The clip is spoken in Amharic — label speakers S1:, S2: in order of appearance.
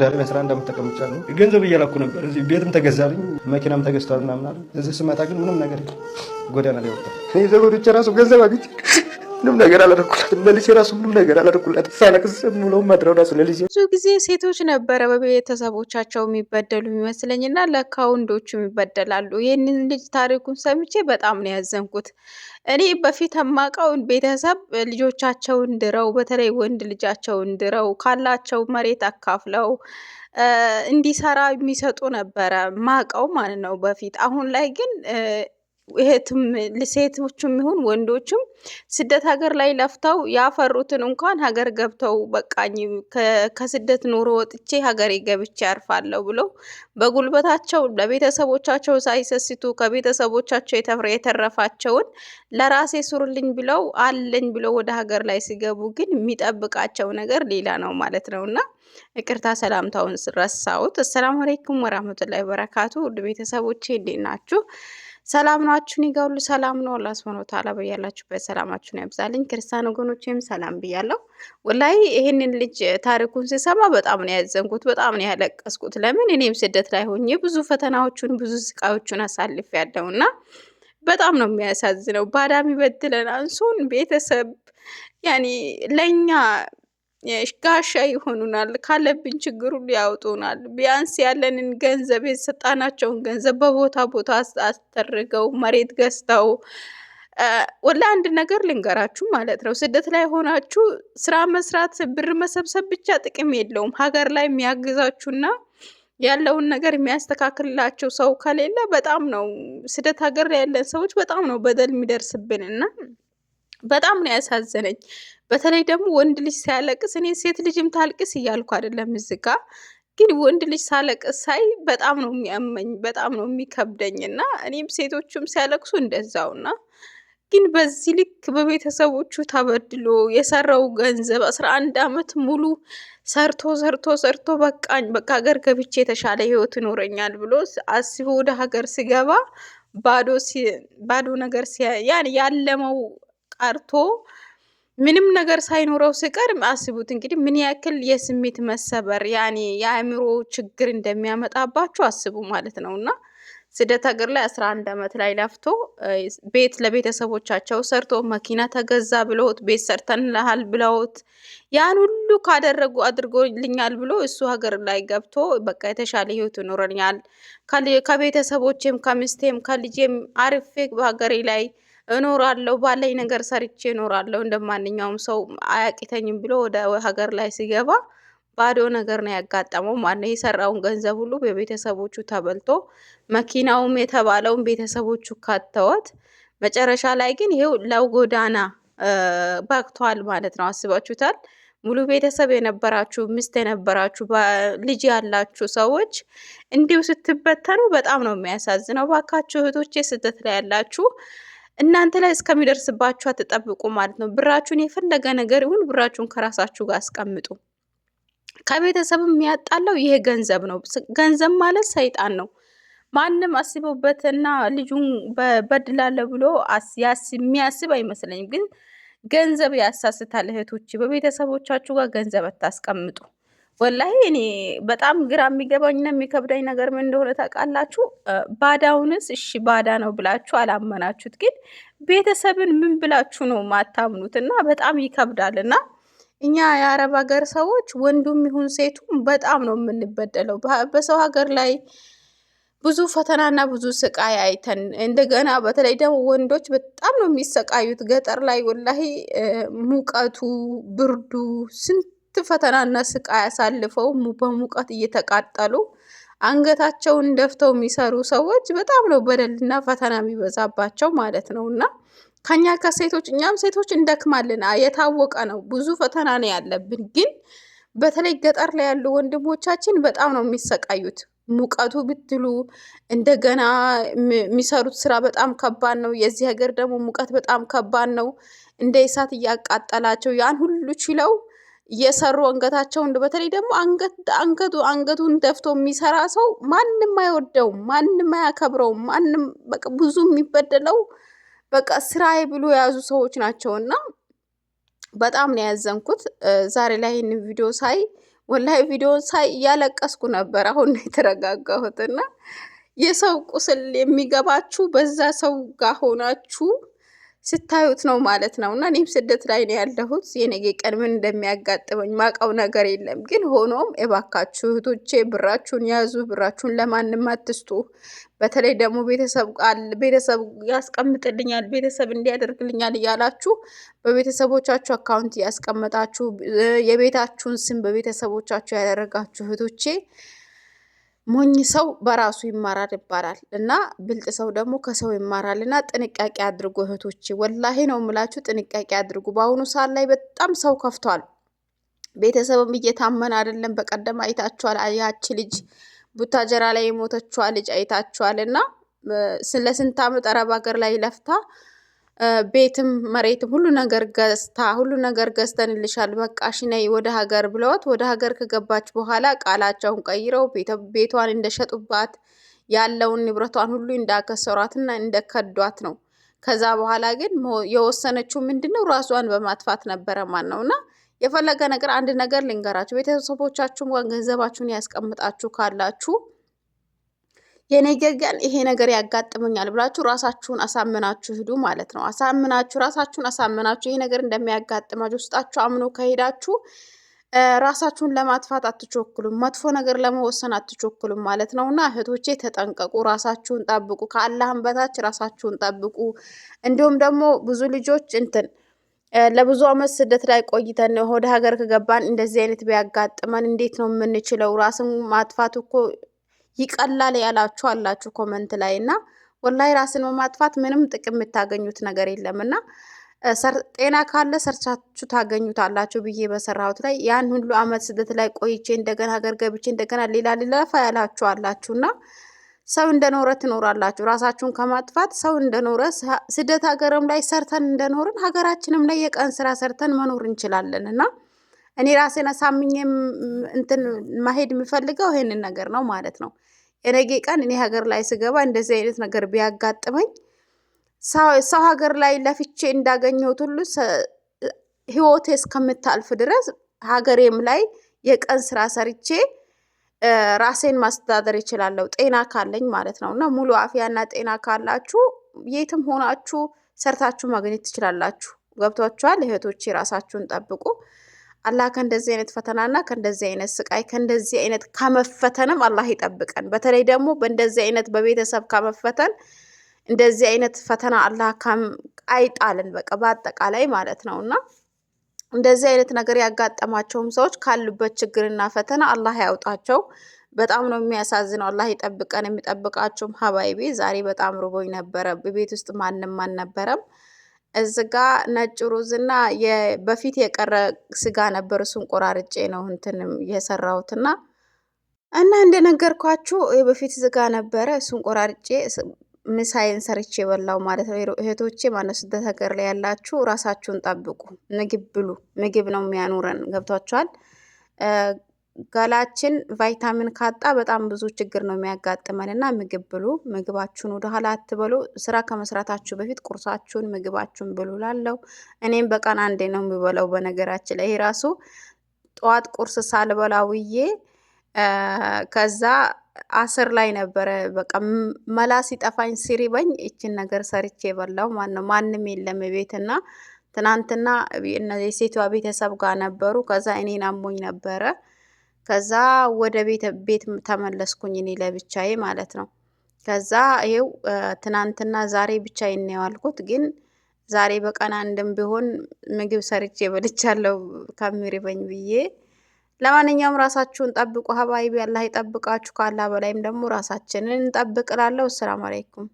S1: ዳሬ ለስራ እንደምጠቀም ይቻላል። ገንዘብ እየላኩ ነበር። እዚህ ቤትም ተገዛልኝ፣ መኪናም ተገዝቷል ምናምን አለ። እዚህ ስመጣ ግን ምንም ነገር ጎዳና ላይ ወጣ። ዘጎዶች ራሱ ገንዘብ አግኝቼ ምንም ነገር አላደረኩላት። መልሴ ራሱ ምንም ነገር አላደረኩላትም። ሳለቅስ ብለው
S2: መድረው ራሱ ለልጄ ብዙ ጊዜ ሴቶች ነበረ በቤተሰቦቻቸው የሚበደሉ የሚመስለኝ እና ለካ ወንዶቹ የሚበደላሉ። ይህንን ልጅ ታሪኩን ሰምቼ በጣም ነው ያዘንኩት። እኔ በፊት የማውቀው ቤተሰብ ልጆቻቸውን ድረው፣ በተለይ ወንድ ልጃቸውን ድረው ካላቸው መሬት አካፍለው እንዲሰራ የሚሰጡ ነበረ ማቀው ማለት ነው በፊት። አሁን ላይ ግን እህትም ሴቶችም ይሁን ወንዶችም ስደት ሀገር ላይ ለፍተው ያፈሩትን እንኳን ሀገር ገብተው በቃኝ ከስደት ኑሮ ወጥቼ ሀገሬ ገብቼ አርፋለሁ ብለው በጉልበታቸው ለቤተሰቦቻቸው ሳይሰስቱ ከቤተሰቦቻቸው የተረፋቸውን ለራሴ ሱርልኝ ብለው አለኝ ብለው ወደ ሀገር ላይ ሲገቡ ግን የሚጠብቃቸው ነገር ሌላ ነው ማለት ነው እና ይቅርታ ሰላምታውን ረሳሁት። አሰላሙ አለይኩም ወራህመቱላሂ ወበረካቱ ውድ ቤተሰቦቼ እንዴት ናችሁ? ሰላም ናችሁን? ይገውል ሰላም ነው አላህ ሱብሐነሁ ወተዓላ በያላችሁበት ሰላማችሁን ያብዛልኝ። ክርስቲያን ወገኖቼም ሰላም ብያለሁ። ወላይ ይሄንን ልጅ ታሪኩን ስሰማ በጣም ነው ያዘንኩት፣ በጣም ነው ያለቀስኩት። ለምን እኔም ስደት ላይ ሆኜ ብዙ ፈተናዎቹን ብዙ ስቃዮቹን አሳልፍ ያለውና በጣም ነው የሚያሳዝነው። ባዳሚ በድለን አንሶን ቤተሰብ ያኔ ለኛ ጋሻ ይሆኑናል። ካለብን ችግር ሁሉ ቢያንስ ያለንን ገንዘብ የተሰጣናቸውን ገንዘብ በቦታ ቦታ አስተርገው መሬት ገዝተው ወላ አንድ ነገር ልንገራችሁ ማለት ነው። ስደት ላይ ሆናችሁ ስራ መስራት ብር መሰብሰብ ብቻ ጥቅም የለውም። ሀገር ላይ የሚያግዛችሁና ያለውን ነገር የሚያስተካክልላቸው ሰው ከሌለ በጣም ነው ስደት ሀገር ላይ ያለን ሰዎች በጣም ነው በደል የሚደርስብን እና በጣም ነው ያሳዘነኝ። በተለይ ደግሞ ወንድ ልጅ ሲያለቅስ እኔ ሴት ልጅም ታልቅስ እያልኩ አይደለም እዚህ ግን ወንድ ልጅ ሳለቅስ ሳይ በጣም ነው የሚያመኝ፣ በጣም ነው የሚከብደኝ እና እኔም ሴቶቹም ሲያለቅሱ እንደዛውና ግን በዚህ ልክ በቤተሰቦቹ ተበድሎ የሰራው ገንዘብ አስራ አንድ አመት ሙሉ ሰርቶ ሰርቶ ሰርቶ በቃኝ በቃ ሀገር ገብቼ የተሻለ ህይወት ይኖረኛል ብሎ አስቦ ወደ ሀገር ሲገባ ባዶ ነገር ያለመው ቀርቶ ምንም ነገር ሳይኖረው ሲቀር አስቡት እንግዲህ ምን ያክል የስሜት መሰበር ያኔ የአእምሮ ችግር እንደሚያመጣባችሁ አስቡ ማለት ነው እና ስደት ሀገር ላይ አስራ አንድ ዓመት ላይ ለፍቶ ቤት ለቤተሰቦቻቸው ሰርቶ መኪና ተገዛ ብለውት ቤት ሰርተንልሃል ብለውት ያን ሁሉ ካደረጉ አድርጎልኛል ብሎ እሱ ሀገር ላይ ገብቶ በቃ የተሻለ ህይወት ይኖረኛል ከቤተሰቦቼም ከሚስቴም ከልጄም አርፌ በሀገሬ ላይ እኖራለሁ ባለኝ ነገር ሰርቼ እኖራለሁ እንደ ማንኛውም ሰው አያቂተኝም ብሎ ወደ ሀገር ላይ ሲገባ ባዶ ነገር ነው ያጋጠመው። ማነው የሰራውን ገንዘብ ሁሉ በቤተሰቦቹ ተበልቶ መኪናውም የተባለውን ቤተሰቦቹ ካተወት፣ መጨረሻ ላይ ግን ይሄው ለጎዳና በቅቷል ማለት ነው። አስባችሁታል? ሙሉ ቤተሰብ የነበራችሁ ሚስት የነበራችሁ ልጅ ያላችሁ ሰዎች እንዲሁ ስትበተኑ በጣም ነው የሚያሳዝነው። ባካችሁ እህቶቼ ስደት ላይ ያላችሁ እናንተ ላይ እስከሚደርስባችሁ አትጠብቁ ማለት ነው። ብራችሁን የፈለገ ነገር ይሁን ብራችሁን ከራሳችሁ ጋር አስቀምጡ። ከቤተሰብ የሚያጣለው ይሄ ገንዘብ ነው። ገንዘብ ማለት ሰይጣን ነው። ማንም አስበውበትና ልጁን በድላለ ብሎ የሚያስብ አይመስለኝም። ግን ገንዘብ ያሳስታል። እህቶች በቤተሰቦቻችሁ ጋር ገንዘብ አታስቀምጡ። ወላሂ እኔ በጣም ግራ የሚገባኝና የሚከብዳኝ ነገር ምን እንደሆነ ታውቃላችሁ? ባዳውንስ እሺ ባዳ ነው ብላችሁ አላመናችሁት፣ ግን ቤተሰብን ምን ብላችሁ ነው ማታምኑት? እና በጣም ይከብዳል። እና እኛ የአረብ ሀገር ሰዎች ወንዱም ይሁን ሴቱም በጣም ነው የምንበደለው በሰው ሀገር ላይ ብዙ ፈተናና ብዙ ስቃይ አይተን እንደገና በተለይ ደግሞ ወንዶች በጣም ነው የሚሰቃዩት ገጠር ላይ ወላሂ ሙቀቱ፣ ብርዱ ስንት ፈተናና ስቃይ አሳልፈው በሙቀት እየተቃጠሉ አንገታቸውን ደፍተው የሚሰሩ ሰዎች በጣም ነው በደልና ፈተና የሚበዛባቸው ማለት ነው። እና ከኛ ከሴቶች እኛም ሴቶች እንደክማልና የታወቀ ነው። ብዙ ፈተና ነው ያለብን። ግን በተለይ ገጠር ላይ ያሉ ወንድሞቻችን በጣም ነው የሚሰቃዩት። ሙቀቱ ብትሉ እንደገና የሚሰሩት ስራ በጣም ከባድ ነው። የዚህ ሀገር ደግሞ ሙቀት በጣም ከባድ ነው። እንደ እሳት እያቃጠላቸው ያን ሁሉ ችለው እየሰሩ እንደ በተለይ ደግሞ አንገቱ አንገቱን ደፍቶ የሚሰራ ሰው ማንም አይወደውም፣ ማንም አያከብረውም። ማንም በቃ ብዙ የሚበደለው በቃ ስራዬ ብሎ የያዙ ሰዎች ናቸው እና በጣም ነው ያዘንኩት። ዛሬ ላይ ይህን ቪዲዮ ሳይ ወላሂ ቪዲዮን ሳይ እያለቀስኩ ነበር። አሁን ነው የተረጋጋሁት እና የሰው ቁስል የሚገባችሁ በዛ ሰው ጋር ሆናችሁ ስታዩት ነው ማለት ነው። እና እኔም ስደት ላይ ነው ያለሁት። የነገ ቀን ምን እንደሚያጋጥመኝ ማቀው ነገር የለም። ግን ሆኖም እባካችሁ እህቶቼ ብራችሁን ያዙ። ብራችሁን ለማንም አትስጡ። በተለይ ደግሞ ቤተሰብ ቃል ቤተሰብ ያስቀምጥልኛል ቤተሰብ እንዲያደርግልኛል እያላችሁ በቤተሰቦቻችሁ አካውንት እያስቀመጣችሁ የቤታችሁን ስም በቤተሰቦቻችሁ ያደረጋችሁ እህቶቼ ሞኝ ሰው በራሱ ይማራል ይባላል እና ብልጥ ሰው ደግሞ ከሰው ይማራል እና ጥንቃቄ አድርጉ እህቶች፣ ወላሂ ነው ምላችሁ፣ ጥንቃቄ አድርጉ። በአሁኑ ሰዓት ላይ በጣም ሰው ከፍቷል። ቤተሰብም እየታመን አይደለም። በቀደም አይታችኋል። ያቺ ልጅ ቡታጀራ ላይ የሞተችዋ ልጅ አይታችኋል። እና ለስንት ዓመት አረብ ሀገር ላይ ለፍታ ቤትም መሬትም ሁሉ ነገር ገዝታ ሁሉ ነገር ገዝተንልሻል፣ በቃ ነይ ወደ ሀገር ብለዋት ወደ ሀገር ከገባች በኋላ ቃላቸውን ቀይረው ቤቷን እንደሸጡባት ያለውን ንብረቷን ሁሉ እንዳከሰሯትና እንደከዷት ነው። ከዛ በኋላ ግን የወሰነችው ምንድነው ራሷን በማጥፋት ነበረ። ማን ነው እና የፈለገ ነገር አንድ ነገር ልንገራችሁ፣ ቤተሰቦቻችሁ ገንዘባችሁን ያስቀምጣችሁ ካላችሁ የነገ ይሄ ነገር ያጋጥመኛል ብላችሁ ራሳችሁን አሳምናችሁ ሂዱ ማለት ነው። አሳምናችሁ ራሳችሁን አሳምናችሁ ይሄ ነገር እንደሚያጋጥማችሁ ውስጣችሁ አምኖ ከሄዳችሁ ራሳችሁን ለማጥፋት አትቾክሉም፣ መጥፎ ነገር ለመወሰን አትቾክሉም ማለት ነው። እና እህቶቼ ተጠንቀቁ፣ ራሳችሁን ጠብቁ፣ ከአላህም በታች ራሳችሁን ጠብቁ። እንዲሁም ደግሞ ብዙ ልጆች እንትን ለብዙ አመት ስደት ላይ ቆይተን ወደ ሀገር ከገባን እንደዚህ አይነት ቢያጋጥመን እንዴት ነው የምንችለው? ራስን ማጥፋት እኮ ይቀላል ያላችሁ አላችሁ ኮመንት ላይ እና ወላይ ራስን በማጥፋት ምንም ጥቅም የምታገኙት ነገር የለም እና ጤና ካለ ሰርቻችሁ ታገኙታላችሁ ብዬ በሰራሁት ላይ ያን ሁሉ አመት ስደት ላይ ቆይቼ እንደገና ሀገር ገብቼ እንደገና ሌላ ሊለፋ ያላችሁ አላችሁ እና ሰው እንደኖረ ትኖራላችሁ። ራሳችሁን ከማጥፋት ሰው እንደኖረ ስደት ሀገርም ላይ ሰርተን እንደኖርን ሀገራችንም ላይ የቀን ስራ ሰርተን መኖር እንችላለን እና እኔ ራሴን አሳምኜ እንትን ማሄድ የምፈልገው ይሄንን ነገር ነው ማለት ነው። የነገ ቀን እኔ ሀገር ላይ ስገባ እንደዚህ አይነት ነገር ቢያጋጥመኝ ሰው ሀገር ላይ ለፍቼ እንዳገኘሁት ሁሉ ህይወቴ እስከምታልፍ ድረስ ሀገሬም ላይ የቀን ስራ ሰርቼ ራሴን ማስተዳደር ይችላለሁ፣ ጤና ካለኝ ማለት ነው። እና ሙሉ አፍያና ጤና ካላችሁ የትም ሆናችሁ ሰርታችሁ ማግኘት ትችላላችሁ። ገብቷችኋል? እህቶቼ ራሳችሁን ጠብቁ። አላህ ከእንደዚህ አይነት ፈተናና ከእንደዚህ አይነት ስቃይ ከእንደዚህ አይነት ከመፈተንም አላህ ይጠብቀን። በተለይ ደግሞ በእንደዚህ አይነት በቤተሰብ ከመፈተን እንደዚህ አይነት ፈተና አላህ አይጣልን፣ በቃ በአጠቃላይ ማለት ነው እና እንደዚህ አይነት ነገር ያጋጠማቸውም ሰዎች ካሉበት ችግርና ፈተና አላህ ያውጣቸው። በጣም ነው የሚያሳዝነው። አላህ ይጠብቀን። የሚጠብቃቸውም ሀባይቤ ዛሬ በጣም ርቦኝ ነበረ። ቤት ውስጥ ማንም አልነበረም። እዝጋ ነጭ ሩዝ እና በፊት የቀረ ስጋ ነበር። እሱን ቆራርጬ ነው እንትንም የሰራሁት እና እና እንደነገርኳችሁ በፊት ስጋ ነበረ። እሱን ቆራርጬ ምሳይን ሰርቼ የበላው ማለት ነው። እህቶቼ ማነው ስደት ሀገር ላይ ያላችሁ ራሳችሁን ጠብቁ። ምግብ ብሉ። ምግብ ነው የሚያኑረን ገብቷችኋል? ገላችን ቫይታሚን ካጣ በጣም ብዙ ችግር ነው የሚያጋጥመን እና ምግብ ብሉ። ምግባችሁን ወደ ኋላ አትበሉ። ስራ ከመስራታችሁ በፊት ቁርሳችሁን፣ ምግባችሁን ብሉ ላለው እኔም በቀን አንዴ ነው የሚበላው። በነገራችን ላይ ራሱ ጠዋት ቁርስ ሳልበላ ውዬ ከዛ አስር ላይ ነበረ በቃ መላ ሲጠፋኝ ሲሪበኝ ይችን ነገር ሰርቼ የበላው ማነው ማንም የለም ቤትና ትናንትና የሴቷ ቤተሰብ ጋር ነበሩ። ከዛ እኔን አሞኝ ነበረ ከዛ ወደ ቤት ተመለስኩኝ እኔ ለብቻዬ ማለት ነው። ከዛ ይኸው ትናንትና ዛሬ ብቻዬን ነው ያዋልኩት። ግን ዛሬ በቀን አንድም ቢሆን ምግብ ሰርቼ በልቻለሁ ከሚርበኝ ብዬ። ለማንኛውም ራሳችሁን ጠብቁ ሀባይቢ፣ አላህ ይጠብቃችሁ። ካላ በላይም ደግሞ ራሳችንን እንጠብቅ እላለሁ። አሰላሙ አለይኩም